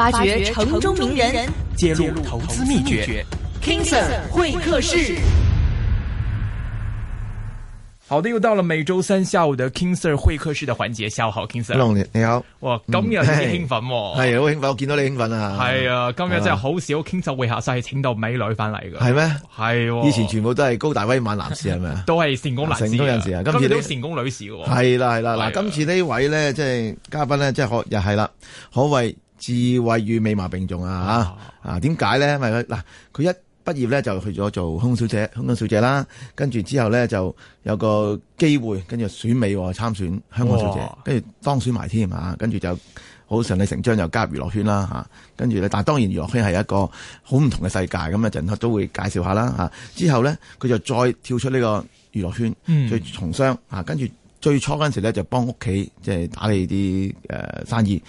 挖掘城中名人，揭露投資秘訣。King Sir 會客室，好的，又到了每周三下午的 King Sir 會客室的環節。下午好，King Sir。Hello，你好。哇，今日好興奮、哦，係好、嗯、興奮，我見到你興奮啊。係啊，今日真係好少 King Sir 會客室係請到美女翻嚟噶。係咩嗎？係是、啊， 以前全部都係高大威猛男士，係咪都係成功男士？啊、成功人士啊。今次，今，次今次都成功女士噶、哦。係啦係啦，嗱、啊，啊、今次位呢位咧，即係嘉賓咧，即係可又係啦，可謂、就是。智慧與美貌並重啊！嚇啊，點解咧？因為嗱，佢、啊、一畢業咧就去咗做空小姐、空中小姐啦，跟住之後咧就有個機會，跟住選美、哦、參選香港小姐，哇跟住當選埋添嚇，跟住就好順理成章就加入娛樂圈啦、啊、嚇。跟住咧，但係當然娛樂圈係一個好唔同嘅世界，咁啊陣都都會介紹下啦、啊、嚇、啊。之後咧，佢就再跳出呢個娛樂圈，去從商嚇、嗯啊。跟住最初嗰陣時咧，就幫屋企即係打理啲誒生意。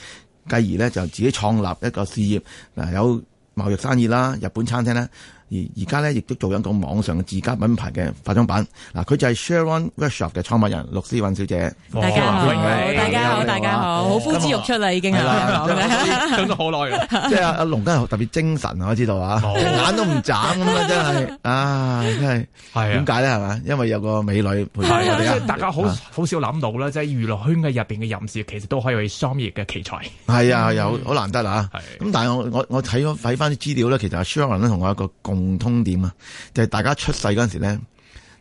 繼而咧就自己創立一個事業，嗱，有貿易生意啦、日本餐廳咧。而而家咧，亦都做緊個網上自家品牌嘅化妝品。嗱，佢就係 Sharon's workshop 嘅創辦人陸詩韻小姐。大家好，大家好，好，呼之欲出啦，已經。係咗好耐啦。即係阿阿龍哥特別精神，我知道啊，眼都唔眨咁啊，真係啊，真係係。點解咧？係嘛？因為有個美女陪佢啊。即係大家好好少諗到啦，即係娛樂圈嘅入邊嘅人士，其實都可以去商業嘅奇才。係啊，有好難得啊。咁但係我我我睇咗睇翻啲資料咧，其實 Sharon 同我一個共。共通，通點啊，就係、是、大家出世嗰陣時咧，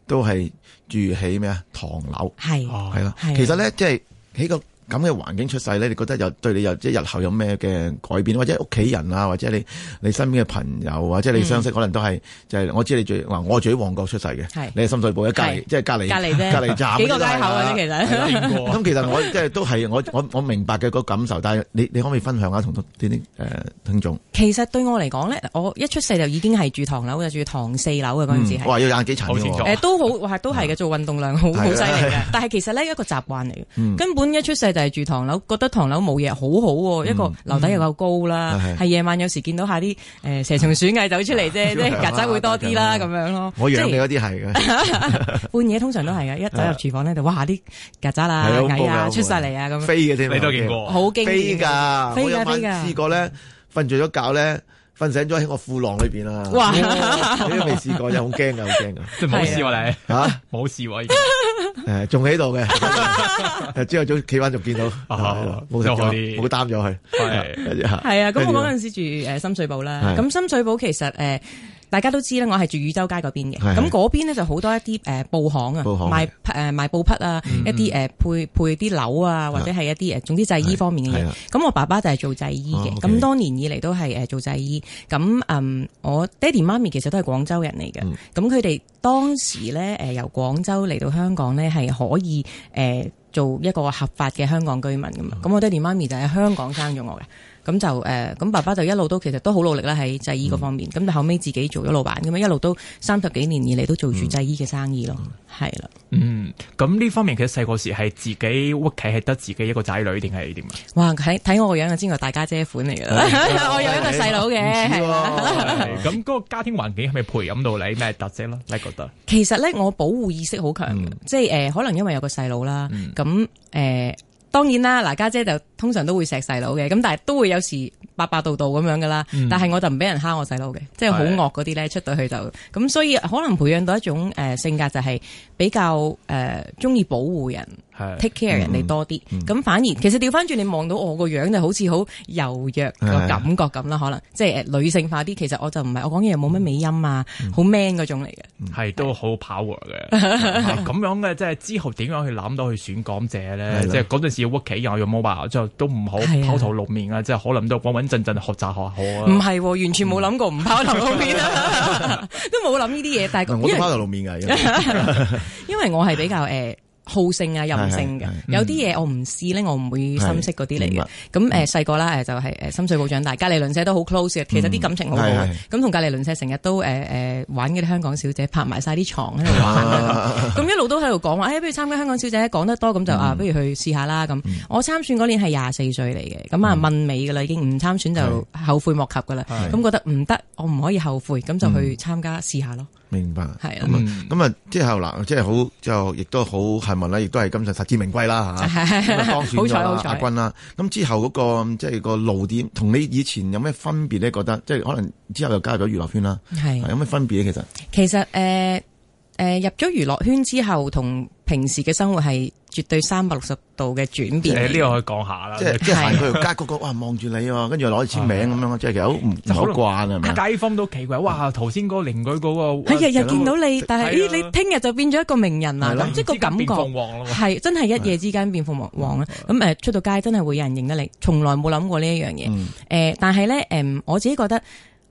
都係住起咩啊，唐樓係哦，係啦的，的其實咧，即係起個。咁嘅環境出世咧，你覺得又對你又即係日後有咩嘅改變，或者屋企人啊，或者你你身邊嘅朋友，或者你相識，可能都係就係我知你住話，我住喺旺角出世嘅，你係深水埗嘅隔，即係隔離隔離啫，隔離站幾個街口嘅，其實咁其實我即係都係我我我明白嘅個感受，但係你你可唔可以分享下同啲啲誒聽眾？其實對我嚟講咧，我一出世就已經係住唐樓嘅，住唐四樓嘅嗰陣時係話要晏幾層，誒都好都係嘅，做運動量好好犀利嘅，但係其實咧一個習慣嚟嘅，根本一出世就住唐樓，覺得唐樓冇嘢，好好喎。一個樓底又夠高啦，係夜晚有時見到下啲誒蛇蟲鼠蟻走出嚟啫，即係曱甴會多啲啦，咁樣咯。我養你嗰啲係嘅，半夜通常都係嘅。一走入廚房咧，就哇啲曱甴啦、蟻啊出晒嚟啊，咁樣飛嘅添，你都見過？好驚！飛㗎，我一晚試過咧，瞓着咗覺咧。瞓醒咗喺我褲浪裏邊，哇，你都未試過，又好驚呀，好驚呀。即係冇試喎你嚇，冇事喎已經。仲喺度嘅。朝頭早企返，仲見到冇事，冇擔咗佢。係係啊，咁我嗰陣時住誒深水埗啦。咁深水埗其實誒。大家都知啦，我係住汝州街嗰邊嘅，咁嗰邊咧就好多一啲誒布行啊，賣誒賣布匹啊，一啲誒配配啲樓啊，或者係一啲誒，總之製衣方面嘅嘢。咁我爸爸就係做製衣嘅，咁多年以嚟都係誒做製衣。咁嗯，我爹哋媽咪其實都係廣州人嚟嘅，咁佢哋當時咧誒由廣州嚟到香港咧係可以誒做一個合法嘅香港居民噶嘛。咁我爹哋媽咪就喺香港生咗我嘅。咁就誒，咁爸爸就一路都其實都好努力啦喺製衣嗰方面，咁但後尾自己做咗老闆咁樣，一路都三十幾年以嚟都做住製衣嘅生意咯，係啦。嗯，咁呢方面其實細個時係自己屋企係得自己一個仔女定係點啊？哇，睇睇我個樣啊，知係大家姐款嚟嘅。我有一個細佬嘅。咁嗰個家庭環境係咪培養到你咩特色咯？你覺得？其實咧，我保護意識好強，即係誒，可能因為有個細佬啦，咁誒。當然啦，嗱家姐就通常都會錫細佬嘅，咁但係都會有時霸霸道道咁樣噶啦。嗯、但係我就唔俾人蝦我細佬嘅，嗯、即係好惡啲咧出到去就，咁所以可能培養到一種誒、呃、性格就係比較誒中意保護人。係 take care 人哋多啲，咁反而其實調翻轉，你望到我個樣就好似好柔弱個感覺咁啦，可能即係誒女性化啲。其實我就唔係，我講嘢又冇乜美音啊，好 man 嗰種嚟嘅。係都好 power 嘅，咁樣嘅即係之後點樣去諗到去選港姐咧？即係嗰陣時要屋企人又有冇辦法，之後都唔好拋頭露面啊！即係可能都講穩陣陣學習學學。唔係，完全冇諗過唔拋頭露面啊，都冇諗呢啲嘢。但係我都拋頭露面嘅，因為我係比較誒。好勝啊，任性嘅，有啲嘢我唔試咧，我唔會心息嗰啲嚟嘅。咁誒細個啦，誒就係誒深水埗長大，隔離鄰舍都好 close 嘅，其實啲感情好好。咁同隔離鄰舍成日都誒誒玩嘅香港小姐，拍埋晒啲床喺度玩。咁一路都喺度講話，誒不如參加香港小姐，講得多咁就啊，不如去試下啦。咁我參選嗰年係廿四歲嚟嘅，咁啊問尾噶啦，已經唔參選就後悔莫及噶啦。咁覺得唔得，我唔可以後悔，咁就去參加試下咯。明白，係啊的，咁啊、嗯，咁啊，之後嗱，即係好，就亦都好幸運啦，亦都係今日實至名歸啦，吓，咁當選咗亞軍啦。咁之後嗰、那個即係、就是、個路點，同你以前有咩分別咧？覺得即係可能之後又加入咗娛樂圈啦，係有咩分別咧？其實其實誒。 誒，入咗娛樂圈之後，同平時嘅生活係絕對三百六十度嘅轉變。呢個可以講下啦，即係即係行街，個個哇望住你喎，跟住攞去簽名咁樣，即係其實好唔好慣啊？街坊都奇怪，哇！頭先個鄰居嗰個，佢日日見到你，但係你聽日就變咗一個名人啦，即係個感覺係真係一夜之間變鳳凰。咁誒，出到街真係會有人認得你，從來冇諗過呢一樣嘢。誒，但係咧，誒，我自己覺得。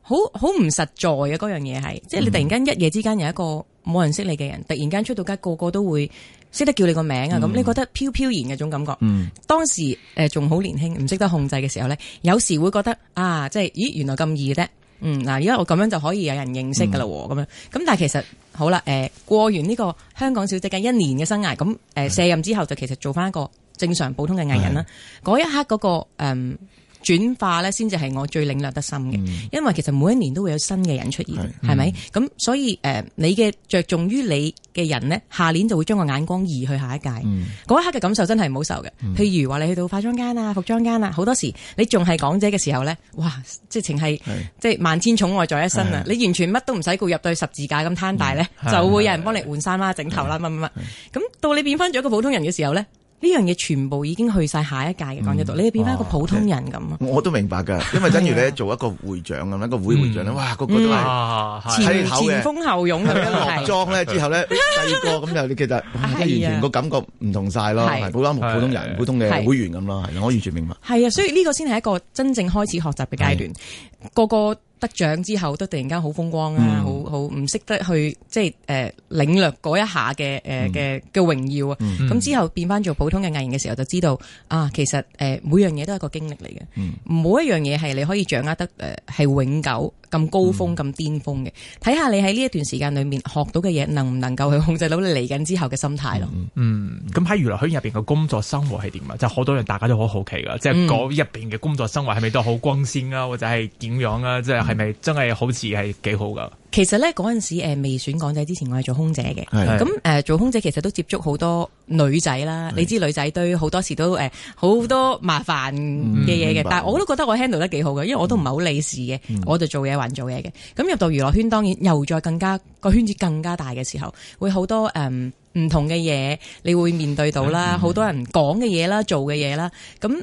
好好唔實在嘅嗰樣嘢係，嗯、即係你突然間一夜之間有一個冇人識你嘅人，突然間出到街個個都會識得叫你個名啊！咁、嗯、你覺得飄飄然嘅種感覺，嗯、當時誒仲好年輕，唔識得控制嘅時候咧，有時會覺得啊，即係咦，原來咁易咧。嗯，嗱，而家我咁樣就可以有人認識噶啦，咁、嗯、樣。咁但係其實好啦，誒、呃，過完呢個香港小姐嘅一年嘅生涯，咁、呃、誒卸任之後就其實做翻一個正常普通嘅藝人啦。嗰、嗯、一刻嗰、嗰個、嗯轉化咧，先至係我最領略得深嘅，因為其實每一年都會有新嘅人出現，係咪？咁、嗯、所以誒，你嘅着重於你嘅人呢，下年就會將個眼光移去下一屆。嗰、嗯、一刻嘅感受真係唔好受嘅。譬如話你去到化妝間啊、服裝間啊，好多時你仲係港姐嘅時候呢，哇！是即係情係即係萬千寵愛在一身啊！是你完全乜都唔使顧，入到十字架咁攤大呢，就會有人幫你換衫啦、整頭啦、乜乜乜。咁到你變翻咗一個普通人嘅時候呢。呢樣嘢全部已經去晒下一屆嘅港姐度，你變翻一個普通人咁。我都明白㗎，因為等於咧做一個會長咁，一個會會長咧，哇，個個都係前前呼後擁咁樣落莊咧，之後咧第二個咁，就你其實完全個感覺唔同晒咯，普通普通人普通嘅會員咁咯，係我完全明白。係啊，所以呢個先係一個真正開始學習嘅階段。個個得獎之後都突然間好風光啊。好唔識得去即係誒領略嗰一下嘅誒嘅嘅榮耀啊！咁之後變翻做普通嘅藝人嘅時候，就知道啊，其實誒每樣嘢都係一個經歷嚟嘅，每、嗯、一樣嘢係你可以掌握得誒係、呃、永久咁高峰咁、嗯、巔峰嘅。睇下你喺呢一段時間裏面學到嘅嘢，能唔能夠去控制到你嚟緊之後嘅心態咯、嗯？嗯，咁喺娛樂圈入邊嘅工作生活係點啊？就好、是、多人大家都好好奇噶，即係嗰入邊嘅工作生活係咪都好光鮮啊，或者係點樣啊？即係係咪真係好似係幾好噶？嗯嗯其實咧嗰陣時誒未選港姐之前，我係做空姐嘅。咁誒是的、呃、做空姐其實都接觸好多女仔啦。是的 你知女仔堆好多時都誒好、呃、多麻煩嘅嘢嘅，嗯、但我都覺得我 handle 得幾好嘅，因為我都唔係好理事嘅。嗯、我就做嘢還做嘢嘅。咁入到娛樂圈，當然又再更加個圈子更加大嘅時候，會好多誒唔、嗯、同嘅嘢，你會面對到啦，好、嗯、多人講嘅嘢啦，做嘅嘢啦，咁。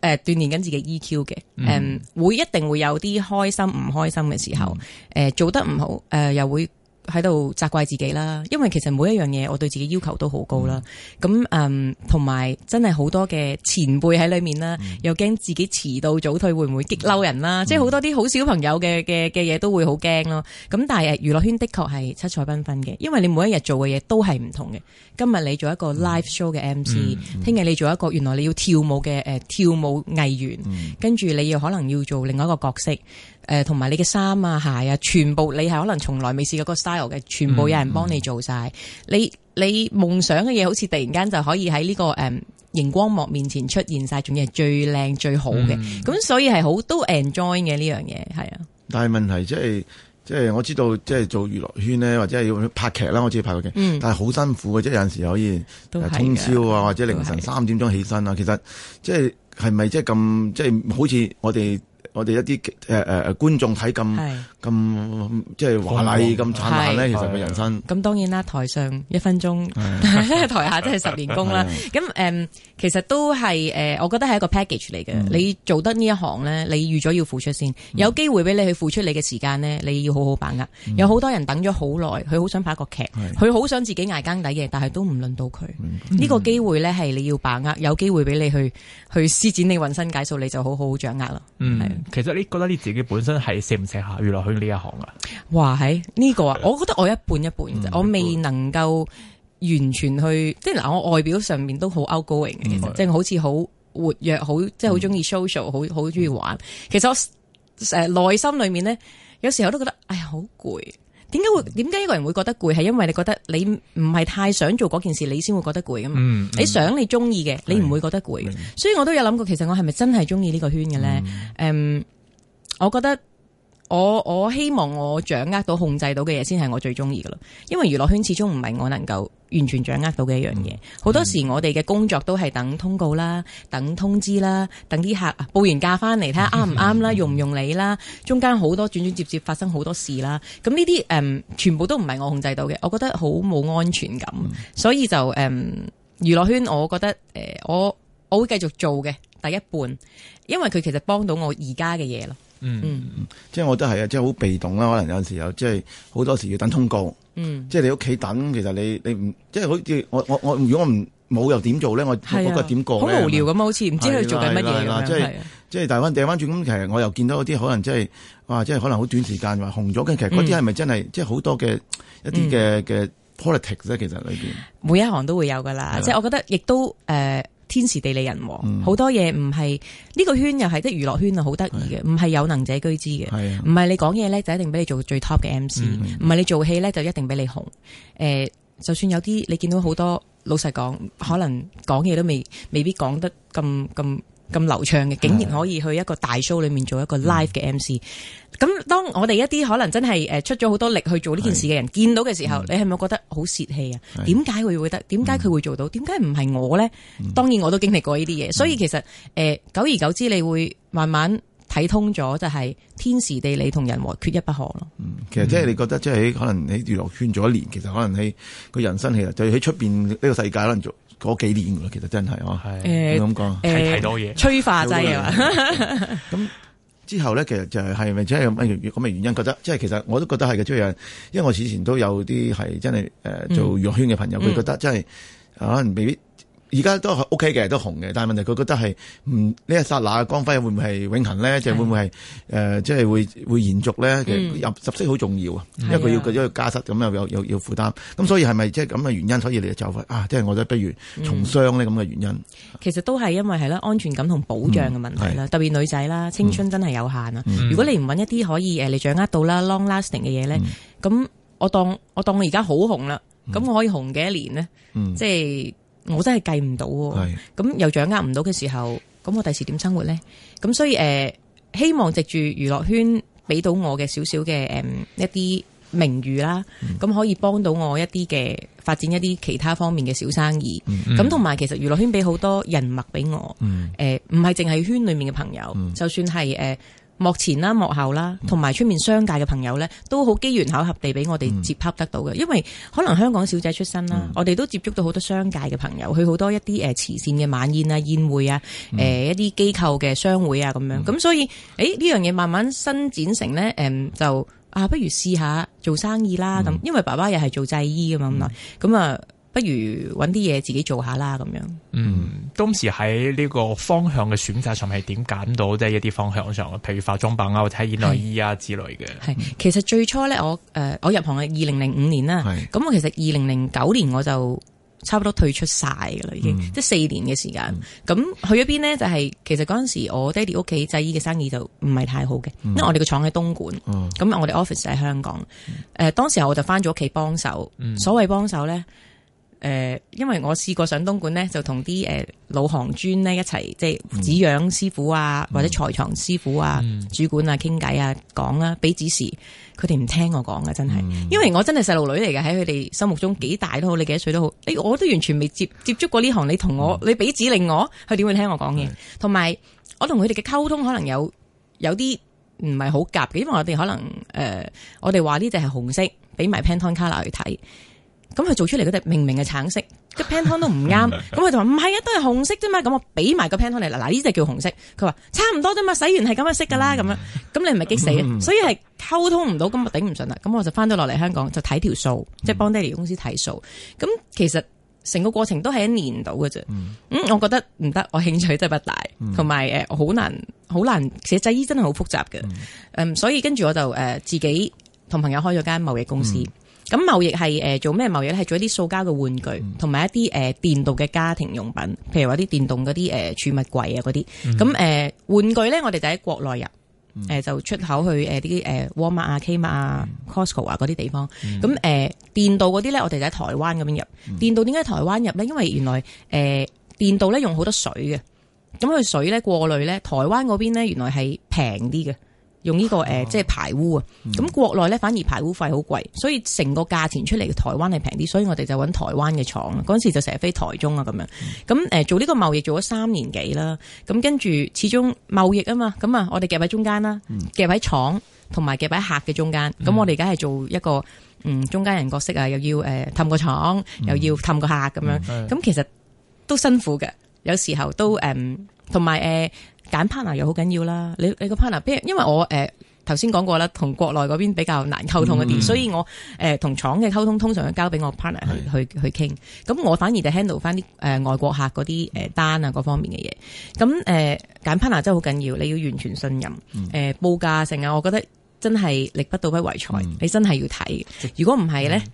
誒，鍛煉緊自己 EQ 嘅，誒、嗯嗯，會一定會有啲開心唔開心嘅時候，誒、嗯呃，做得唔好，誒、呃，又會。喺度責怪自己啦，因為其實每一樣嘢我對自己要求都好高啦。咁誒、嗯嗯，同埋真係好多嘅前輩喺裏面啦，嗯、又驚自己遲到早退會唔會激嬲人啦。嗯、即係好多啲好小朋友嘅嘅嘅嘢都會好驚咯。咁但係娛樂圈的確係七彩繽紛嘅，因為你每一日做嘅嘢都係唔同嘅。今日你做一個 live show 嘅 MC，聽日、嗯、你做一個原來你要跳舞嘅誒、呃、跳舞藝員，嗯、跟住你又可能要做另外一個角色。誒，同埋、呃、你嘅衫啊、鞋啊，全部你係可能從來未試過個 style 嘅，全部有人幫你做晒。嗯嗯、你你夢想嘅嘢，好似突然間就可以喺呢、這個誒熒、嗯、光幕面前出現晒，仲要係最靚最好嘅。咁、嗯、所以係好都 enjoy 嘅呢樣嘢，係啊。但係問題即係即係我知道，即係做娛樂圈呢，或者係要拍劇啦。我知拍過劇，嗯、但係好辛苦嘅，即係有陣時可以通宵啊，或者凌晨三點鐘起身啊。其實即係係咪即係咁即係好似我哋？我哋一啲誒誒觀眾睇咁咁即係華麗咁燦爛咧，其實個人生咁當然啦，台上一分鐘，台下真係十年功啦。咁誒，其實都係誒，我覺得係一個 package 嚟嘅。你做得呢一行咧，你預咗要付出先，有機會俾你去付出你嘅時間咧，你要好好把握。有好多人等咗好耐，佢好想拍個劇，佢好想自己捱更底嘅，但係都唔輪到佢。呢個機會咧係你要把握，有機會俾你去去施展你渾身解數，你就好好掌握啦。嗯，其實你覺得你自己本身係適唔適合娛樂圈呢一行啊？哇，喺呢、呢個啊，我覺得我一半一半，的我未能夠完全去，嗯、即係嗱，我外表上面都 out 的好 outgoing 嘅。其實即係好似好活躍，好即係好中意 social，好好中意玩。嗯、其實我誒內、呃、心裏面咧，有時候都覺得哎呀好攰。點解會？點解一個人會覺得攰？係因為你覺得你唔係太想做嗰件事，你先會覺得攰噶嘛？嗯嗯、你想你中意嘅，你唔會覺得攰？所以我都有諗過，其實我係咪真係中意呢個圈嘅咧？誒、嗯，um，我覺得。我我希望我掌握到控制到嘅嘢先係我最中意嘅咯，因為娛樂圈始終唔係我能夠完全掌握到嘅一樣嘢。嗯、好多時我哋嘅工作都係等通告啦、等通知啦、等啲客報完假翻嚟睇下啱唔啱啦、用唔用你啦，中間好多轉轉接接發生好多事啦。咁呢啲誒，全部都唔係我控制到嘅，我覺得好冇安全感。嗯、所以就誒，嗯、娛樂圈我覺得誒、呃，我我會繼續做嘅第一半，因為佢其實幫到我而家嘅嘢咯。嗯嗯即係我覺得係啊，即係好被動啦，可能有陣時又即係好多時要等通告，嗯，即係你屋企等，其實你你唔即係好似我我我如果我唔冇又點做咧？我嗰個點過？好無聊咁啊，好似唔知佢做緊乜嘢。即係即係大彎掉翻轉，咁其實我又見到嗰啲可能即係話，即係可能好短時間話紅咗，咁其實嗰啲係咪真係即係好多嘅一啲嘅嘅 politics 咧？其實裏邊每一行都會有噶啦，即係我覺得亦都誒。天時地利人和，好、嗯、多嘢唔係呢個圈又係，即、就、係、是、娛樂圈啊，好得意嘅，唔係是的 有能者居之嘅，唔係是的 你講嘢叻就一定俾你做最 top 嘅 MC，唔係、嗯嗯嗯、你做戲叻就一定俾你紅。誒、呃，就算有啲你見到好多老實講，可能講嘢都未未必講得咁咁。咁流暢嘅，竟然可以去一個大 show 裏面做一個 live 嘅 MC。咁、嗯、當我哋一啲可能真係誒出咗好多力去做呢件事嘅人，是的 見到嘅時候，是的 你係咪覺得好泄氣啊？點解會會得？點解佢會做到？點解唔係我呢？嗯、當然我都經歷過呢啲嘢，所以其實誒、呃、久而久之，你會慢慢。睇通咗就係、是、天時地利同人和缺一不可咯。嗯，其實即係你覺得即係可能喺娛樂圈做一年，其實可能喺個人生其實就喺出邊呢個世界可能做嗰幾年噶啦，其實真係哦。誒、欸，咁講，提多嘢，催化劑係嘛。咁之後咧，其實就係係咪即係咁嘅原因？覺得即係其實我都覺得係嘅，即係因為我以前都有啲係真係誒、呃、做娛樂圈嘅朋友，佢覺得真係可能未必。而家都係 OK 嘅，都紅嘅，但係問題，佢覺得係唔呢一剎那嘅光輝會唔會係永恒咧？即係會唔會係誒，即係會會延續咧？其實入息好重要啊，因為佢要佢要加薪咁，又有有要負擔。咁所以係咪即係咁嘅原因？所以你就啊，即係我咧，不如從商咧咁嘅原因。其實都係因為係啦，安全感同保障嘅問題啦，特別女仔啦，青春真係有限啊。如果你唔揾一啲可以誒，你掌握到啦，long lasting 嘅嘢咧，咁我當我當我而家好紅啦，咁我可以紅幾多年呢？即係。我真係計唔到，咁是又掌握唔到嘅時候，咁我第時點生活呢？咁所以，誒、呃，希望藉住娛樂圈俾到我嘅少少嘅，誒，一啲名譽啦，咁、嗯、可以幫到我一啲嘅發展一啲其他方面嘅小生意。咁同埋其實娛樂圈俾好多人脈俾我，誒、嗯，唔係淨係圈裡面嘅朋友，嗯、就算係誒。呃幕前啦、幕後啦，同埋出面商界嘅朋友呢，都好機緣巧合地俾我哋接洽得到嘅。嗯、因為可能香港小姐出身啦，嗯、我哋都接觸到好多商界嘅朋友，去好多一啲誒慈善嘅晚宴啊、宴會啊，誒、嗯呃、一啲機構嘅商會啊咁樣。咁、嗯、所以，誒、欸、呢樣嘢慢慢伸展成呢，誒、嗯、就啊，不如試下做生意啦咁。因為爸爸又係做製衣㗎嘛，咁啊、嗯。嗯不如揾啲嘢自己做下啦，咁樣。嗯，當時喺呢個方向嘅選擇上係點揀到？即係一啲方向上，譬如化妝品啊，或者係內衣啊之類嘅。係，其實最初咧，我誒，我入行係二零零五年啦。係。咁我其實二零零九年我就差不多退出晒噶啦，已經即係四年嘅時間。咁去咗邊咧？就係其實嗰陣時，我爹哋屋企製衣嘅生意就唔係太好嘅，因為我哋個廠喺東莞。嗯。咁我哋 office 喺香港。誒，當時候我就翻咗屋企幫手。嗯。所謂幫手咧？誒、呃，因為我試過上東莞咧，就同啲誒老行專咧一齊，即係紙樣師傅啊，或者裁床師傅啊、嗯、主管啊傾偈啊，講啦、啊，俾指示，佢哋唔聽我講噶，真係、嗯，因為我真係細路女嚟嘅，喺佢哋心目中幾大都好，你幾多歲都好，誒、欸，我都完全未接接觸過呢行，你同我，你俾指令我，佢點會聽我講嘢？同埋、嗯、我同佢哋嘅溝通可能有有啲唔係好夾嘅，因為我哋可能誒、呃，我哋話呢隻係紅色，俾埋 Pantone Color 去睇。咁佢做出嚟嗰隻明明係橙色，個 Pantone 都唔啱。咁佢就話唔係啊，都係紅色啫嘛。咁我俾埋個 Pantone 嚟，嗱嗱，呢隻叫紅色。佢話差唔多啫嘛，洗完係咁嘅色噶啦。咁 樣咁你唔係激死啊？ 所以係溝通唔到，咁我頂唔順啦。咁我就翻到落嚟香港就睇條數，即係 幫爹哋公司睇數。咁其實成個過程都係一年到嘅啫。嗯，我覺得唔得，我興趣都不大，同埋我好難好難。其實製衣真係好複雜嘅。嗯，所以跟住我就誒自己同朋友開咗間貿易公司。 咁貿易係誒做咩貿易咧？係做一啲塑膠嘅玩具，同埋、嗯、一啲誒、呃、電動嘅家庭用品，譬如話啲電動嗰啲誒儲物櫃啊嗰啲。咁誒、嗯呃、玩具咧，我哋就喺國內入，誒、嗯呃、就出口去誒啲 a r 馬啊、K 馬啊、Costco 啊嗰啲地方。咁誒、嗯呃、電動嗰啲咧，我哋就喺台灣咁入。電動點解台灣入咧？因為原來誒、呃、電動咧用好多水嘅，咁佢水咧過濾咧，台灣嗰邊咧原來係平啲嘅。用呢個誒，即係排污啊！咁國內咧反而排污費好貴，所以成個價錢出嚟嘅台灣係平啲，所以我哋就揾台灣嘅廠。嗰陣時就成日飛台中啊，咁樣。咁誒做呢個貿易做咗三年幾啦。咁跟住始終貿易啊嘛，咁啊我哋夾喺中間啦，夾喺廠同埋夾喺客嘅中間。咁我哋而家係做一個嗯中間人角色啊，又要誒氹個廠，又要氹個客咁樣。咁其實都辛苦嘅，有時候都誒，同埋誒。揀 partner 又好緊要啦，你你個 partner，譬如因為我誒頭先講過啦，同國內嗰邊比較難溝通嘅啲，mm hmm. 所以我誒同、呃、廠嘅溝通通常要交俾我 partner 是的 去去去傾，咁我反而就 handle 翻啲誒外國客嗰啲誒單啊各方面嘅嘢，咁誒揀 partner 真係好緊要，你要完全信任，誒、mm hmm. 呃、報價成啊，我覺得真係力不到不為財，mm hmm. 你真係要睇，如果唔係咧。Mm hmm.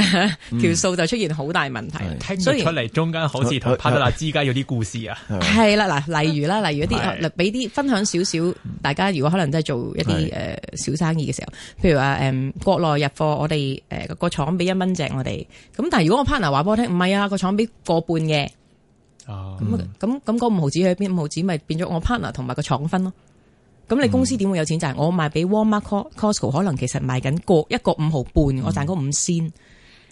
條數 就出現好大問題，聽唔出嚟。然中間好似同 partner 之間有啲故事啊，係啦嗱，啊啊啊、 例如啦，例如一啲，俾啲、 啊、分享少少。大家如果可能真係做一啲誒、 uh, 小生意嘅時候，譬如話誒、嗯、國內入貨，我哋誒、啊、個廠俾一蚊正我哋，咁但係如果我 partner 話俾我聽唔係啊，個廠俾個半嘅哦，咁咁咁嗰五毫紙去邊？五毫紙咪變咗我 partner 同埋個廠分咯。咁你公司點會有錢賺？嗯、我賣俾 Walmart Costco 可能其實賣緊個一個五毫半，我賺嗰五仙。嗯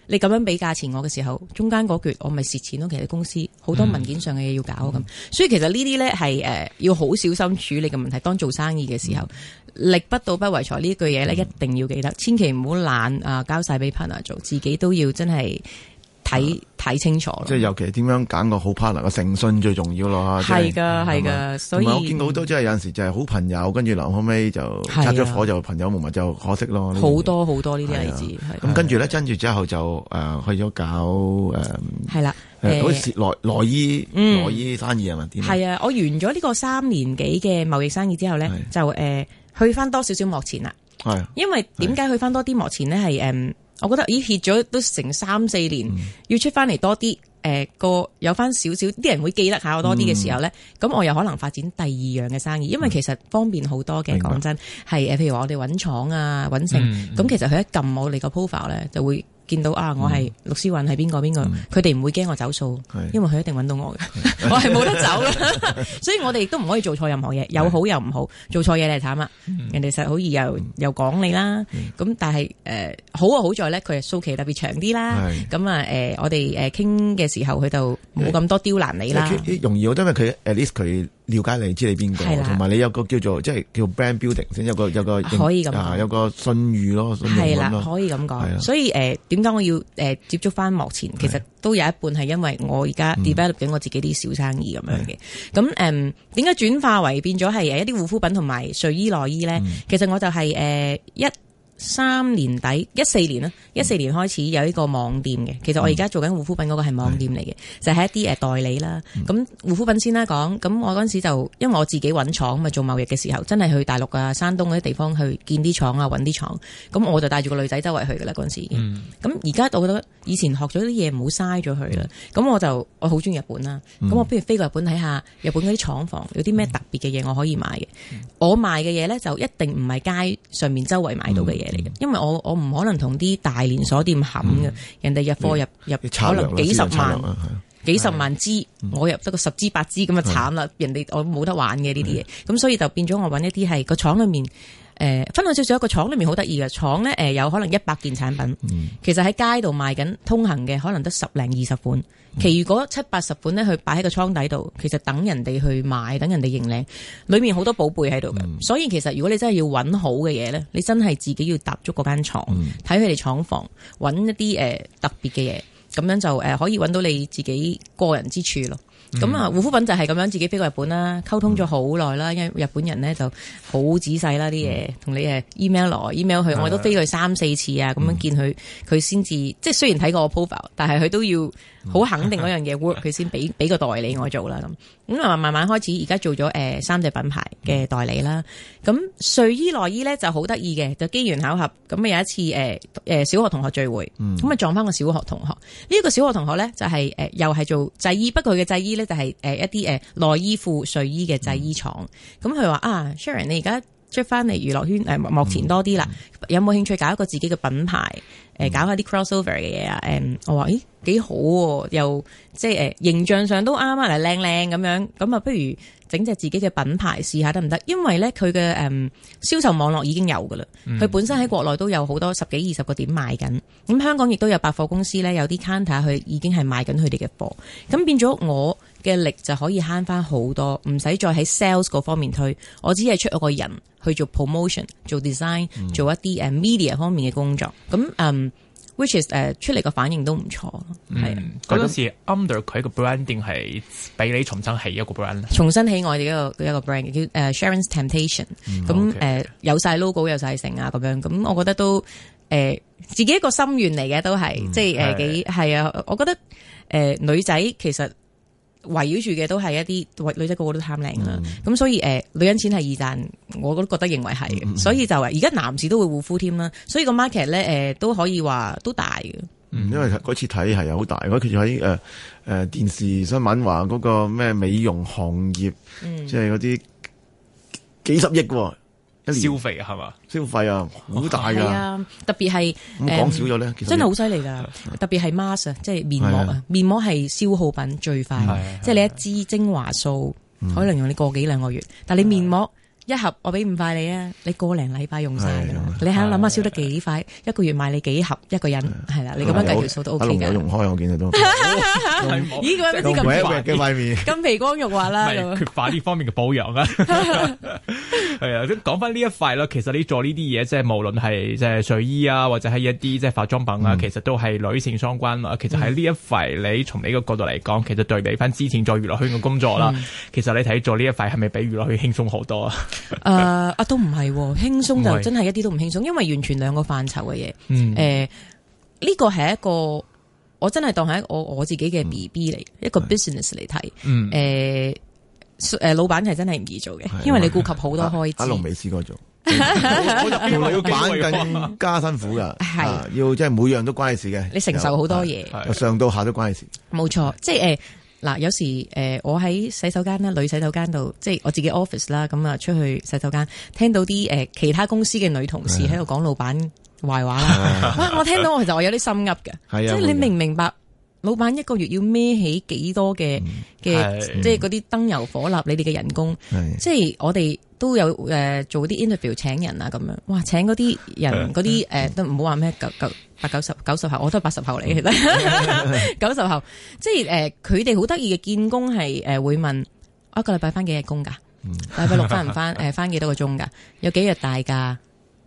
你咁樣俾價錢我嘅時候，中間嗰橛我咪蝕錢咯。其實公司好多文件上嘅嘢要搞咁，嗯、所以其實呢啲呢係誒要好小心處理嘅問題。當做生意嘅時候，嗯、力不到不為財呢句嘢呢，一定要記得，嗯、千祈唔好懶啊！交晒俾 partner 做，自己都要真係。睇睇清楚，即係尤其係點樣揀個好 partner，嘅誠信最重要咯吓。係噶，係噶。所以我見到好多，即係有陣時就係好朋友，跟住留後尾就拆咗火，就朋友冇埋，就可惜咯。好多好多呢啲例子。咁跟住咧，跟住之後就誒去咗搞誒係啦，嗰時來內衣內衣生意係咪？係啊，我完咗呢個三年幾嘅貿易生意之後咧，就誒去翻多少少幕前啦。係，因為點解去翻多啲幕前咧？係誒。我覺得咦 h 咗都成三四年，嗯、要出翻嚟多啲，誒、呃、個有翻少少啲人會記得下我多啲嘅時候咧，咁、嗯、我又可能發展第二樣嘅生意，因為其實方便好多嘅。講白真係誒，譬如我哋揾廠啊，揾剩，咁、嗯、其實佢一撳我哋個 profile 咧就會。見到啊，我係、嗯、律師揾係邊個邊個，佢哋唔會驚我走數，因為佢一定揾到我嘅，我係冇得走嘅，所以我哋亦都唔可以做錯任何嘢，好嗯呃、好有好又唔、喔、好，做錯嘢你係慘啦，人哋實好易又又講你啦，咁但係誒好啊，好在咧佢誒訴期特別長啲啦，咁啊誒我哋誒傾嘅時候佢就冇咁多刁難你啦，容易我真係佢，at least 佢。了解你知你邊個，同埋的你有個叫做即係叫 brand building，先有個有個可以咁講啊有個信譽咯，係啦，可以咁講。的所以誒點解我要誒、呃、接觸翻幕前？其實都有一半係因為我而家 develop 緊我自己啲小生意咁樣嘅。咁誒點解轉化為變咗係誒一啲護膚品同埋睡衣內衣咧？嗯、其實我就係、係、誒、呃、一。三年底一四年啦，一四年開始有呢個網店嘅。其實我而家做緊護膚品嗰個係網店嚟嘅，嗯、就係一啲誒代理啦。咁護膚品先啦講。咁我嗰陣時就因為我自己揾廠，咁啊做貿易嘅時候，真係去大陸啊山東嗰啲地方去見啲廠啊揾啲廠。咁我就帶住個女仔周圍去噶啦嗰陣時。咁而家到咗。以前學咗啲嘢唔好嘥咗佢啦，咁我就我好中意日本啦，咁我不如飛過日本睇下日本嗰啲廠房有啲咩特別嘅嘢我可以買嘅。我賣嘅嘢咧就一定唔係街上面周圍買到嘅嘢嚟嘅，因為我我唔可能同啲大連鎖店冚嘅，人哋入貨入入可能幾十萬幾十萬支，我入得個十支八支咁就慘啦，人哋我冇得玩嘅呢啲嘢，咁所以就變咗我揾一啲係個廠裏面。誒、呃，分享少少一個廠裏面好得意嘅廠咧，誒，有可能一百件產品，嗯、其實喺街度賣緊通行嘅可能得十零二十款，嗯、其餘七八十款咧，佢擺喺個倉底度，其實等人哋去買，等人哋認領，裏面好多寶貝喺度。嗯、所以其實如果你真係要揾好嘅嘢咧，你真係自己要踏足嗰間廠，睇佢哋廠房，揾一啲誒、呃、特別嘅嘢，咁樣就誒可以揾到你自己個人之處咯。咁啊，護膚品就係咁樣自己飛過日本啦，溝通咗好耐啦，因為日本人咧就好仔細啦啲嘢，同你誒 email 來 email 去，我都飛佢三四次啊，咁樣見佢，佢先至即係雖然睇過 p r o p o s a 但係佢都要好肯定樣嘢 work，佢先俾俾個代理我做啦咁。咁啊，慢慢開始而家做咗誒三隻品牌嘅代理啦。咁睡衣內衣咧就好得意嘅，就機緣巧合咁啊有一次誒誒小學同學聚會咁啊撞翻個小學同學呢個小學同學咧就係誒又係做製衣，不過佢嘅製衣咧。就係誒一啲誒內衣褲睡衣嘅製衣廠，咁佢話啊，Sharon，你而家出翻嚟娛樂圈誒、呃、幕前多啲啦，有冇興趣搞一個自己嘅品牌？誒，搞下啲 crossover 嘅嘢啊？誒、um，我話誒幾好喎、啊，又即係誒、呃、形象上都啱啊，靚靚咁樣，咁啊不如整隻自己嘅品牌試下得唔得？因為咧佢嘅誒銷售網絡已經有噶啦，佢本身喺國內都有好多十幾二十個點賣緊，咁、嗯嗯、香港亦都有百貨公司咧有啲 counter 佢已經係賣緊佢哋嘅貨，咁變咗我。嘅力就可以慳翻好多，唔使再喺 sales 嗰方面推，我只係出我個人去做 promotion、做 design、做一啲誒 media 方面嘅工作。咁嗯，which is 誒出嚟嘅反應都唔錯。嗯，嗰陣時 under 佢個 brand 定係俾你重新起一個 brand，重新起我哋一個一個 brand 叫誒 Sharon's Temptation。咁誒有晒 logo 有晒成啊咁樣，咁我覺得都誒自己一個心願嚟嘅都係，即係誒幾係啊！我覺得誒女仔其實。圍繞住嘅都係一啲女仔，個個都貪靚啦。咁、嗯、所以誒、呃，女人錢係易賺，我都覺得認為係、嗯。所以就係而家男士都會護膚添啦。所以個 market 咧、呃、誒都可以話都大嘅。嗯，因為嗰次睇係好大，嗰次喺誒誒電視新聞話嗰個咩美容行業，即係嗰啲幾十億。哦。消費係嘛？消費啊，好大噶，係啊，特別係咁講少咗咧，其實真係好犀利噶。 特別係 mask，即係面膜啊， 面膜係是的 消耗品最快，即係是的 你一支精華素是的 可能用你個幾兩個月，是的 但係你面膜。一盒我俾五塊你啊！你個零禮拜用晒，你喺度諗下燒得幾快？一個月賣你幾盒？一個人係啦，你咁樣計條數都 O K 噶。我用開，我見啊都。咦？點解咁快？金皮光肉滑啦，缺乏呢方面嘅保養啦。係啊，講翻呢一塊咯。其實你做呢啲嘢，即係無論係即係睡衣啊，或者係一啲即係化妝品啊，其實都係女性相關嘛。其實喺呢一塊，你從你嘅角度嚟講，其實對比翻之前做娛樂圈嘅工作啦，其實你睇做呢一塊係咪比娛樂圈輕鬆好多啊？誒、uh，啊，都唔係輕鬆，就真係一啲都唔輕鬆，因為完全兩個範疇嘅嘢。誒，呢個係一個我真係當係我我自己嘅 B B 嚟，嗯、一個 business 嚟睇。誒，誒，老闆係真係唔易做嘅，因為你顧及好多開支。阿龍未試過做，老、嗯、闆、嗯、 更加辛苦噶係、 啊、要即係每樣都關事嘅，你承受好多嘢，上到下都關事，冇錯，即係誒。呃嗱，有時誒、呃、我喺洗手間咧女洗手間度，即係我自己 office 啦，咁啊出去洗手間聽到啲誒、呃、其他公司嘅女同事喺度講老闆壞話啦， 哇！我聽到我其實我有啲心噏嘅， 即係你明唔明白？ 老闆一個月要孭起幾多嘅嘅，即係嗰啲燈油火蠟，嗯、你哋嘅人工，是即係我哋都有誒做啲 interview 請人啊咁樣，哇！請嗰啲人嗰啲誒都唔好話咩九九百九十九十後，我都係八十後嚟嘅啦，九十後，即係誒佢哋好得意嘅見工係誒會問、啊、一個禮拜返幾日工㗎？嗯、禮拜六返唔返？誒返幾多個鐘㗎？有幾日大假？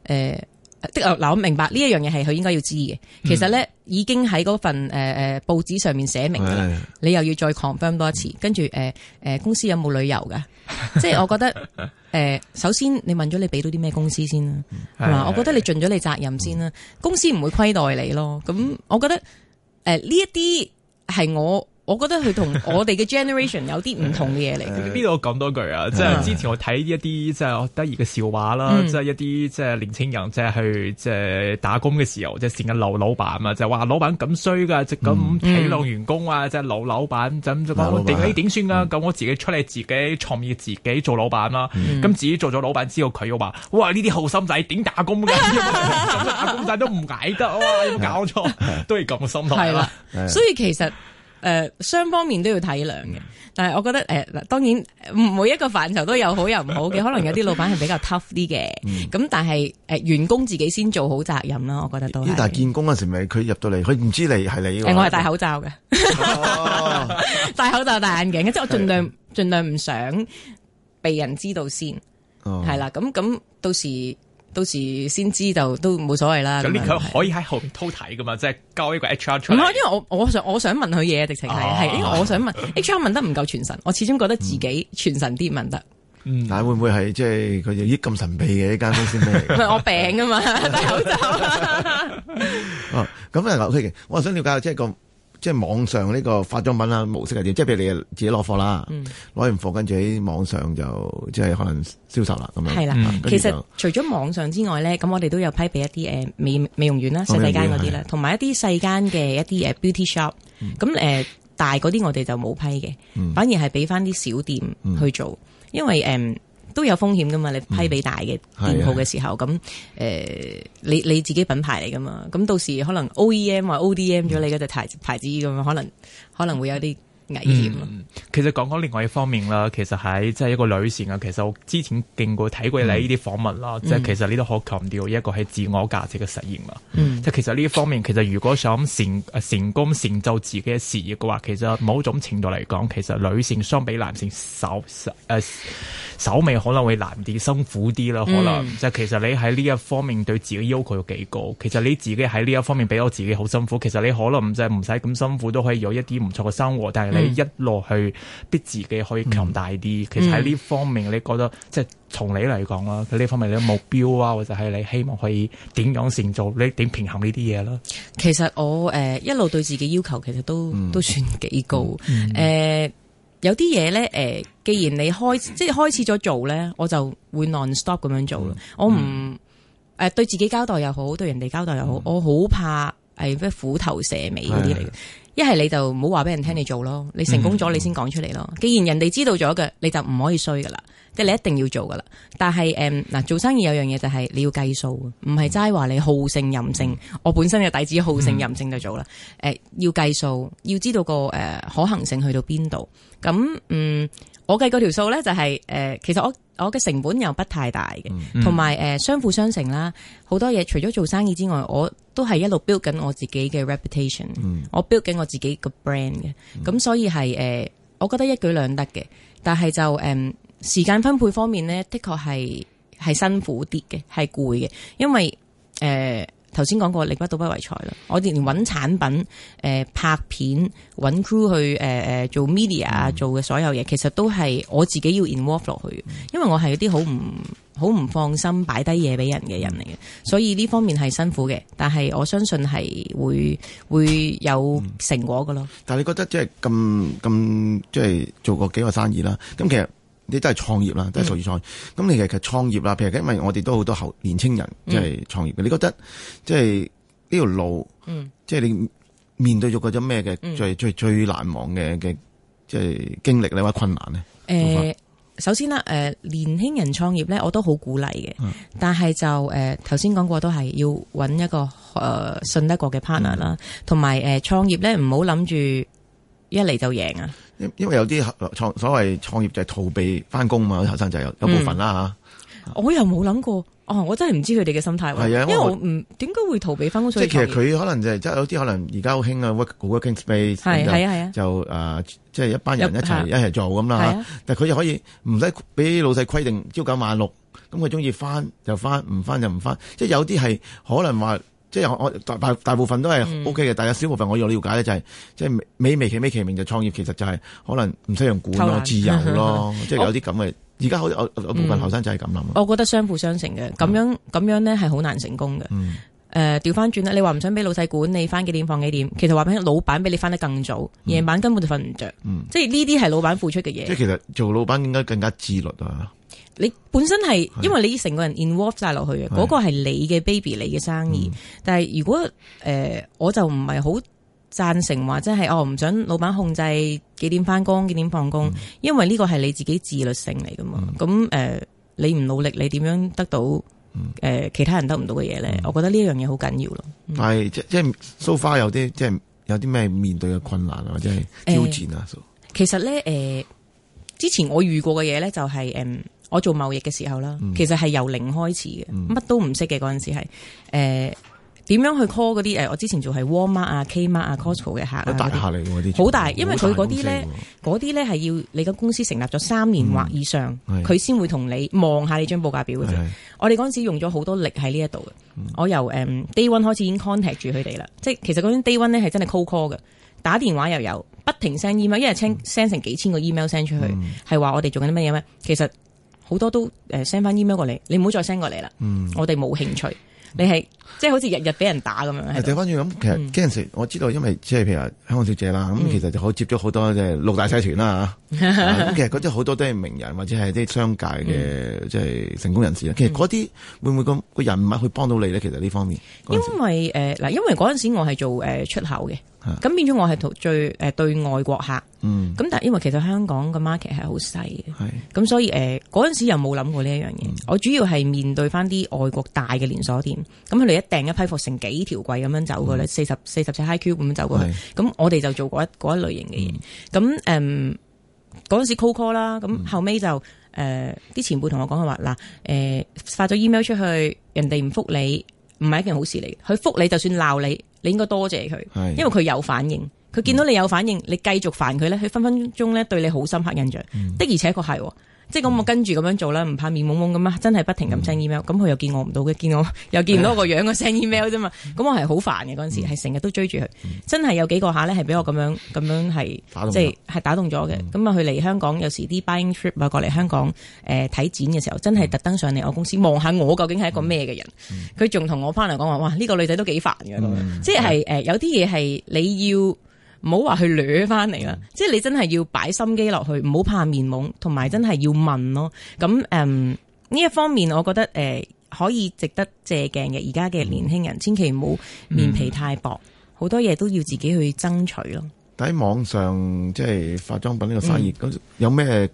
誒、呃？嗯嗯。的嗱，我明白呢一樣嘢係佢應該要知嘅。其實咧已經喺嗰份誒誒、呃、報紙上面寫明㗎啦，的你又要再 confirm 多一次。跟住誒誒公司有冇旅遊嘅？ 即係我覺得誒、呃，首先你問咗你俾到啲咩公司先啦，係嘛的？的我覺得你盡咗你責任先啦，公司唔會虧待你咯。咁我覺得誒呢一啲係我。我覺得佢同我哋嘅 generation 有啲唔同嘅嘢嚟。呢度講多句啊，即係之前我睇一啲即係得意嘅笑話啦，即係一啲即係年青人即係去即係打工嘅時候，即係成日鬧老闆啊，就話老闆咁衰噶，即咁體諒員工啊，即係老老闆，就咁就話點算啊，咁我自己出嚟自己創業自己做老闆啦。咁自己做咗老闆之後佢又話哇呢啲後生仔點打工嘅？打工仔都唔捱得哇，有冇搞錯？都係咁嘅心態。所以其實。誒，雙、呃、方面都要體諒嘅，但係我覺得誒，嗱、呃，當然每一個範疇都有好又唔好嘅，可能有啲老闆係比較 tough 啲嘅，咁、嗯、但係誒、呃，員工自己先做好責任啦，我覺得都係。但係見工嗰時咪佢入到嚟，佢唔知你係你。你你喔、 我係戴口罩嘅， 戴口罩戴眼鏡，即係、oh. 的 我盡量盡的量唔想被人知道先，係啦，咁咁到時。到時先知就都冇所謂啦。咁佢可以喺後面偷睇㗎嘛，即係交呢個 HR 出嚟。唔係，因為我我想我想問佢嘢，直情係係，因為我想問 HR 問得唔夠全神，我始終覺得自己全神啲問得。但係會唔會係即係佢哋啲咁神秘嘅一間公司嚟？我病㗎嘛，戴口罩。咁啊劉翠儀，我想了解即係個。即係網上呢個化妝品啦模式係點？即係譬如你自己攞貨啦，攞、嗯、完貨跟住喺網上就即係可能銷售啦咁樣。係啦、嗯。嗯、其實除咗網上之外咧，咁我哋都有批俾一啲誒美美容院啦、細細間嗰啲啦，同埋的一啲細間嘅一啲誒 beauty shop、嗯。咁誒、呃、大嗰啲我哋就冇批嘅，嗯、反而係俾翻啲小店去做，嗯、因為誒。嗯都有風險噶嘛？你批俾大嘅店鋪嘅時候，咁誒、嗯呃，你你自己品牌嚟噶嘛？咁到時可能 OEM 或 ODM 咗你嗰隻牌牌子咁，可能可能會有啲。危險、嗯。其實講講另外一方面啦，其實喺即係一個女性啊，其實我之前見過睇過你呢啲訪問啦，嗯、即係其實你都好強調一個係自我價值嘅實現嘛。嗯、即係其實呢一方面，其實如果想成成功成就自己嘅事業嘅話，其實某種程度嚟講，其實女性相比男性稍微可能會難啲、辛苦啲啦。可能、嗯、即係其實你喺呢一方面對自己要求有幾高？其實你自己喺呢一方面俾我自己好辛苦。其實你可能就唔使咁辛苦都可以有一啲唔錯嘅生活，但係你一路去逼自己可以強大啲，其實喺呢方面你覺得即係從你嚟講啦，喺呢方面你嘅目標啊，或者係你希望可以點樣善做，你點平衡呢啲嘢啦？其實我誒一路對自己要求其實都都算幾高誒，有啲嘢咧誒，既然你開即係開始咗做咧，我就會 non stop 咁樣做咯。我唔誒對自己交代又好，對人哋交代又好，我好怕誒咩虎頭蛇尾嗰啲嚟嘅。一係你就唔好話俾人聽你做咯，你成功咗你先講出嚟咯。嗯、既然人哋知道咗嘅，你就唔可以衰噶啦，即係你一定要做噶啦。但係誒嗱，做生意有樣嘢就係你要計數，唔係齋話你好勝任性。嗯、我本身嘅底子好勝任性就做啦。誒、呃，要計數，要知道個誒、呃、可行性去到邊度。咁嗯，我計嗰條數咧就係、是、誒、呃，其實我我嘅成本又不太大嘅，同埋誒相輔相成啦。好多嘢除咗做生意之外，我都係一路 build 緊我自己嘅 reputation，嗯、我 build 緊我自己個 brand 嘅，嗯，咁所以係誒、呃，我覺得一舉兩得嘅，但係就誒、呃、時間分配方面咧，的確係係辛苦啲嘅，係攰嘅，因為誒頭先講過，力不到不為財啦，我連搵產品誒、呃、拍片搵 crew 去誒誒、呃、做 media 做嘅所有嘢，其實都係我自己要 involve 落去，因為我係一啲好唔。好唔放心擺低嘢俾人嘅人嚟嘅，所以呢方面係辛苦嘅，但係我相信係會會有成果噶咯、嗯。但係你覺得即係咁咁即係做過幾個生意啦，咁、嗯、其實你都係創業啦，都係屬於創業。咁、嗯、你其實創業啦，譬如因為我哋都好多後年青人即係創業嘅，嗯、你覺得即係呢條路，嗯、即係你面對咗嗰種咩嘅最、嗯、最最難忘嘅嘅即係經歷咧或困難咧？好首先啦，誒、呃、年輕人創業咧，我都好鼓勵嘅。嗯、但係就誒頭先講過，都係要揾一個誒、呃、信得過嘅 partner 啦、嗯，同埋誒創業咧唔好諗住一嚟就贏啊。因因為有啲創所謂創業就係逃避翻工啊嘛，啲後生仔有有部分啦嚇。嗯啊、我又冇諗過。哦，我真係唔知佢哋嘅心態，因為我唔點解會逃避返工。即係其實佢可能就係即係有啲可能而家好興嘅 working space 係啊係啊，就誒即係一班人一齊一齊做咁啦。但係佢又可以唔使俾老細規定朝九晚六，咁佢中意翻就翻，唔翻就唔翻。即係有啲係可能話即係我大大大部分都係 O K 嘅，但係有少部分我有了解咧，就係即係美美其美其名就創業，其實就係可能唔使用管啊自由咯，即係有啲咁嘅。而家好，我我，我部分後生仔係咁諗。我覺得相輔相成嘅咁樣咁樣咧，係好難成功嘅。誒調翻轉啦，你話唔想俾老細管你翻幾點放幾點，其實話俾老闆俾你翻得更早，夜晚根本就瞓唔着。嗯、即係呢啲係老闆付出嘅嘢。即係其實做老闆應該更加自律啊！嗯、你本身係因為你成個人 involve 曬落去嘅嗰是個係你嘅 baby，你嘅生意。嗯、但係如果誒、呃，我就唔係好。贊成話即係哦，唔准老闆控制幾點翻工、幾點放工，嗯、因為呢個係你自己自律性嚟噶嘛。咁誒、嗯呃，你唔努力，你點樣得到誒、呃、其他人得唔到嘅嘢咧？嗯、我覺得呢一樣嘢好緊要咯。係、嗯、即即係 so far 有啲即係有啲咩面對嘅困難啊，或者係挑戰啊。嗯、其實咧誒、呃，之前我遇過嘅嘢咧就係、是、誒、嗯，我做貿易嘅時候啦，其實係由零開始嘅，乜、嗯、都唔識嘅嗰陣時係誒。呃嗯點樣去 call 嗰啲誒？我之前做係 Walmart 啊、Kmart 啊、Costco 嘅客，好大客嚟㗎啲，好大，因為佢嗰啲咧，嗰啲咧係要你間公司成立咗三年或以上，佢先、嗯、會同你望下你張報價表嘅啫。是的 我哋嗰陣時用咗好多力喺呢一度嘅。嗯、我由誒、um, Day One 開始已經 contact 住佢哋啦。即係其實嗰啲 Day One 咧係真係 call call 嘅，打電話又有，不停 send email，一日 send send 成幾千個 email send 出去，係話、嗯、我哋做緊啲乜嘢咩？其實好多都誒 send 翻 email 過嚟，你唔好再 send 過嚟啦。嗯、我哋冇興趣。你係即係好似日日俾人打咁樣，調翻轉咁，嗯嗯、其實陣時我知道，因為即係譬如話香港小姐啦，咁、嗯、其實就可以接觸好多即係六大細團啦，咁其實嗰啲好多都係名人或者係啲商界嘅即係成功人士咧、嗯嗯。其實嗰啲會唔會咁個人物去幫到你咧？其實呢方面，因為誒嗱時、呃，因為嗰陣時我係做誒出口嘅。咁變咗我係最誒對外國客，咁但係因為其實香港個 market 係好細嘅，咁是所以誒嗰陣時又冇諗過呢一樣嘢。嗯、我主要係面對翻啲外國大嘅連鎖店，咁佢哋一訂一批貨成幾條櫃咁樣走過嚟，四十四十尺 high Q 咁樣走過去，咁是、嗯、我哋就做嗰一嗰一類型嘅嘢，咁誒嗰陣時 call call 啦，咁後尾就誒啲、呃、前輩同我講，佢話嗱，誒、呃、發咗 email 出去，人哋唔復你，唔係一件好事嚟，佢復你就算鬧你。你應該多謝佢，因為佢有反應。佢見是的 到你有反應，嗯、你繼續煩佢咧，佢分分鐘咧對你好深刻印象，嗯、的而且確係。即係咁我跟住咁樣做啦，唔怕面懵懵咁啊！真係不停咁 send email，咁佢又見我唔到嘅，見我又見到我個樣個 send email 啫嘛。咁我係好煩嘅嗰陣時，係成日都追住佢。真係有幾個下咧，係俾我咁樣咁樣係，即係係打動咗嘅。咁啊，佢嚟香港，有時啲 buying trip 啊過嚟香港，誒睇展嘅時候，真係特登上嚟我公司望下我究竟係一個咩嘅人。佢仲同我翻嚟講話，哇！呢個女仔都幾煩嘅，即係誒有啲嘢係你要。唔好話去掠翻嚟啦，嗯、即係你真係要擺心機落去，唔好怕面懵，同埋真係要問咯。咁嗯呢一方面，我覺得誒、呃、可以值得借鏡嘅。而家嘅年輕人，千祈唔好面皮太薄，好、嗯、多嘢都要自己去爭取咯。但喺、嗯、網上即係、就是、化妝品呢個生意，咁、嗯、有咩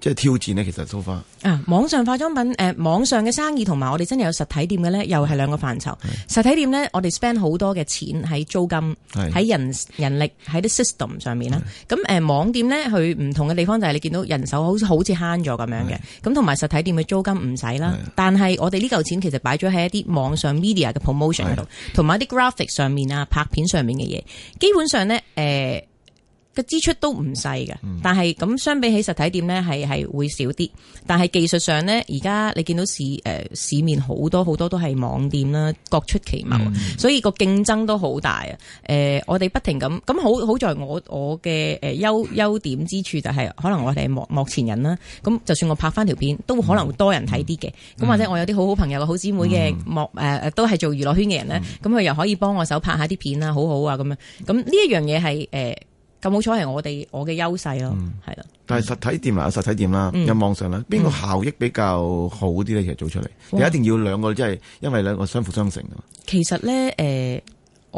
即係挑戰呢，其實 so far 啊，網上化妝品誒、呃，網上嘅生意同埋我哋真係有實體店嘅咧，又係兩個範疇。是實體店咧，我哋 spend 好多嘅錢喺租金、喺是人人力、喺啲 system 上面啦。咁誒是、呃，網店咧，佢唔同嘅地方就係你見到人手好似好似慳咗咁樣嘅。咁同埋實體店嘅租金唔使啦，是但係我哋呢嚿錢其實擺咗喺一啲網上 media 嘅 promotion 度，同埋啲是 graphic 上面啊、拍片上面嘅嘢，基本上咧，誒、呃。嘅支出都唔細嘅，但係咁相比起實體店咧，係係會少啲。但係技術上咧，而家你見到市誒、呃、市面好多好多都係網店啦，各出奇謀，所以個競爭都好大啊！誒、呃，我哋不停咁咁好好在我我嘅誒優優點之處就係、是、可能我哋係幕幕前人啦。咁就算我拍翻條片，都可能會多人睇啲嘅。咁、嗯、或者我有啲好好朋友好姊妹嘅幕誒都係做娛樂圈嘅人咧，咁佢、嗯、又可以幫我手拍一下啲片啦，好好啊咁樣。咁呢一樣嘢係誒。呃咁好彩係我哋我嘅優勢咯，係啦、嗯。的但係實體店啦，嗯、實體店啦，嗯、有網上啦，邊個、嗯、效益比較好啲咧？其實做出嚟，又一定要兩個，即係因為兩個相輔相成噶嘛。其實咧，誒、呃。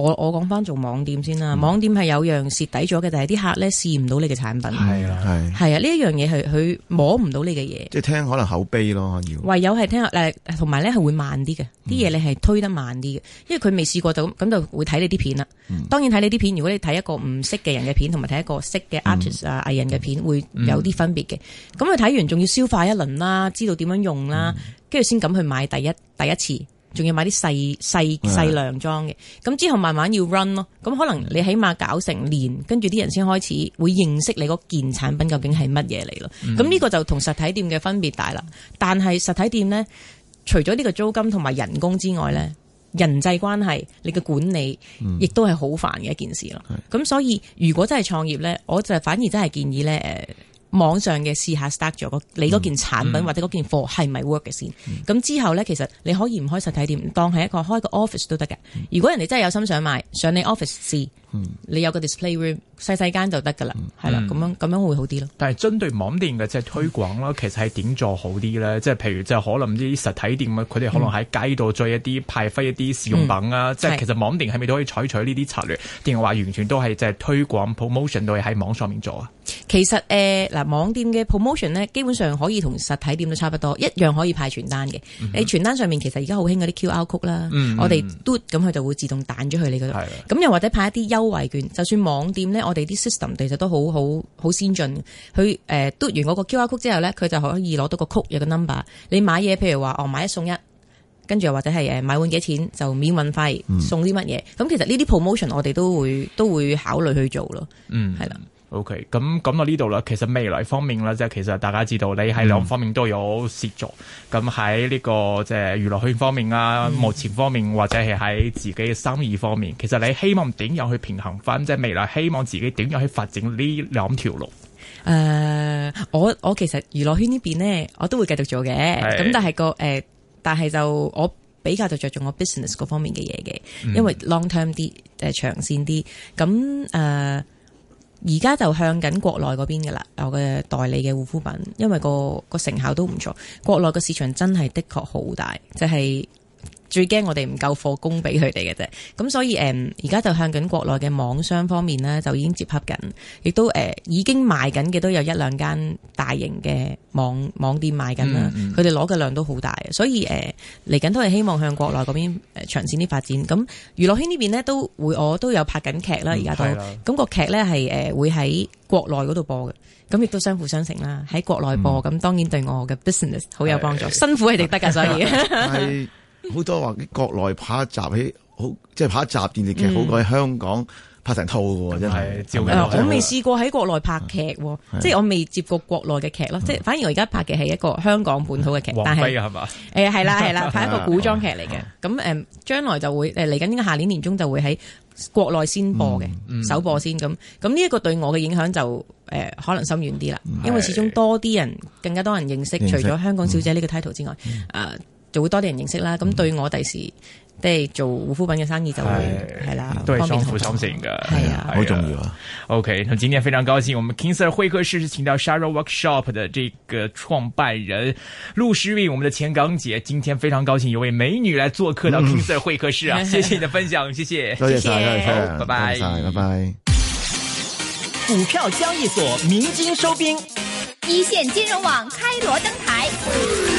我我講翻做網店先啦，嗯、網店係有樣蝕底咗嘅，但係啲客咧試唔到你嘅產品，係啊係，係啊呢一樣嘢係佢摸唔到你嘅嘢，即係聽可能口碑咯要，唯有係聽誒，同埋咧係會慢啲嘅，啲嘢、嗯、你係推得慢啲嘅，因為佢未試過就咁就會睇你啲片啦。嗯、當然睇你啲片，如果你睇一個唔識嘅人嘅片，同埋睇一個識嘅 artist 啊藝人嘅片、嗯嗯、會有啲分別嘅。咁佢睇完仲要消化一輪啦，知道點樣用啦，跟住先咁去買第一第一次。仲要買啲細細細量裝嘅，咁的之後慢慢要 run 咯。咁可能你起碼搞成年，跟住啲人先開始會認識你嗰件產品究竟係乜嘢嚟咯。咁呢的、嗯、個就同實體店嘅分別大啦。但係實體店呢，除咗呢個租金同埋人工之外呢，人際關係、你嘅管理，亦都係好煩嘅一件事咯。咁的所以如果真係創業呢，我就反而真係建議呢。誒、呃。網上嘅試下 start 咗個你嗰件產品或者嗰件貨係咪 work 嘅先？咁之後咧，其實你可以唔開實體店，當係一個開個 office 都得嘅。如果人哋真係有心想買，上你 office 試，你有個 display room 細細間就得噶啦，係啦，咁樣咁樣會好啲咯。但係針對網店嘅即係推廣啦，其實係點做好啲咧？即係譬如即係可能啲實體店啊，佢哋可能喺街度做一啲派發一啲試用品啊。即係其實網店係咪都可以採取呢啲策略？定係話完全都係即係推廣 promotion 都係喺網上面做啊？其實誒嗱、呃，網店嘅 promotion 咧，基本上可以同實體店都差不多，一樣可以派傳單嘅。你傳、mm hmm. 單上面其實而家好興嗰啲 QR code 啦、mm，hmm. 我哋嘟咁，佢就會自動彈咗去你嗰度。咁、mm hmm. 又或者派一啲優惠券，就算網店咧，我哋啲 system 其實都好好好先進。佢誒嘟完嗰個 QR code 之後咧，佢就可以攞到個 code，有個 number。你買嘢，譬如話哦買一送一，跟住又或者係誒買滿幾錢就免運費送啲乜嘢。咁、mm hmm. 其實呢啲 promotion 我哋都會都會考慮去做咯。嗯、mm，啦、hmm. mm。Hmm. O K，咁咁到呢度啦。其實未來方面咧，即係其實大家知道，你喺兩方面都有涉足。咁喺呢個即係娛樂圈方面啊，嗯、目前方面或者係喺自己嘅生意方面，其實你希望點樣去平衡翻？即、就、係、是、未來希望自己點樣去發展呢兩條路？誒、呃，我我其實娛樂圈邊呢邊咧，我都會繼續做嘅。咁是但係個誒、呃，但係就我比較就着重我 business 嗰方面嘅嘢嘅，因為 long term 啲誒長線啲。咁誒。而家就向緊國內嗰邊嘅啦，我嘅代理嘅護膚品，因為個個成效都唔錯，國內嘅市場真係的確好大，就係、是。最驚我哋唔夠貨供俾佢哋嘅啫，咁所以誒，而家就向緊國內嘅網商方面咧，就已經接洽緊，亦都誒、呃、已經賣緊嘅都有一兩間大型嘅網網店賣緊啦。佢哋攞嘅量都好大，所以誒嚟緊都係希望向國內嗰邊長線啲發展。咁娛樂圈呢邊咧都會，我都有拍緊劇啦，而家、嗯、都咁、嗯、個劇咧係誒會喺國內嗰度播嘅，咁亦都相輔相成啦。喺國內播，咁、嗯、當然對我嘅 business 好有幫助，哎呃、辛苦係值得噶，所以。好多話，國內拍一集起好，即係拍一集電視劇好過喺香港拍成套嘅喎，真係。誒，我未試過喺國內拍劇喎，即係我未接過國內嘅劇咯。即係反而我而家拍嘅係一個香港本土嘅劇，但係誒係啦係啦，拍一個古裝劇嚟嘅。咁誒，將來就會誒嚟緊呢個下年年中就會喺國內先播嘅首播先。咁咁呢一個對我嘅影響就誒可能深遠啲啦，因為始終多啲人更加多人認識，除咗香港小姐呢個 title 之外，誒。就會多啲人認識啦，咁對我第時即係做護膚品嘅生意就會係啦，都係相輔相成嘅，係啊，好重要啊。OK，今天非常高興，我們 King Sir 會客室是請到 Sharon's Workshop 的這個創辦人陸詩韻，我們的前港姐。今天非常高興有位美女來做客到 King Sir 會客室啊！謝謝你的分享，謝謝，拜拜，拜拜。股票交易所鳴金收兵，一線金融網開鑼登台。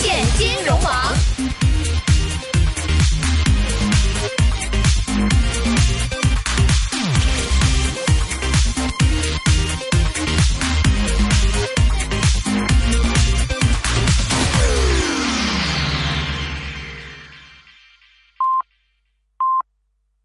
現金榮王。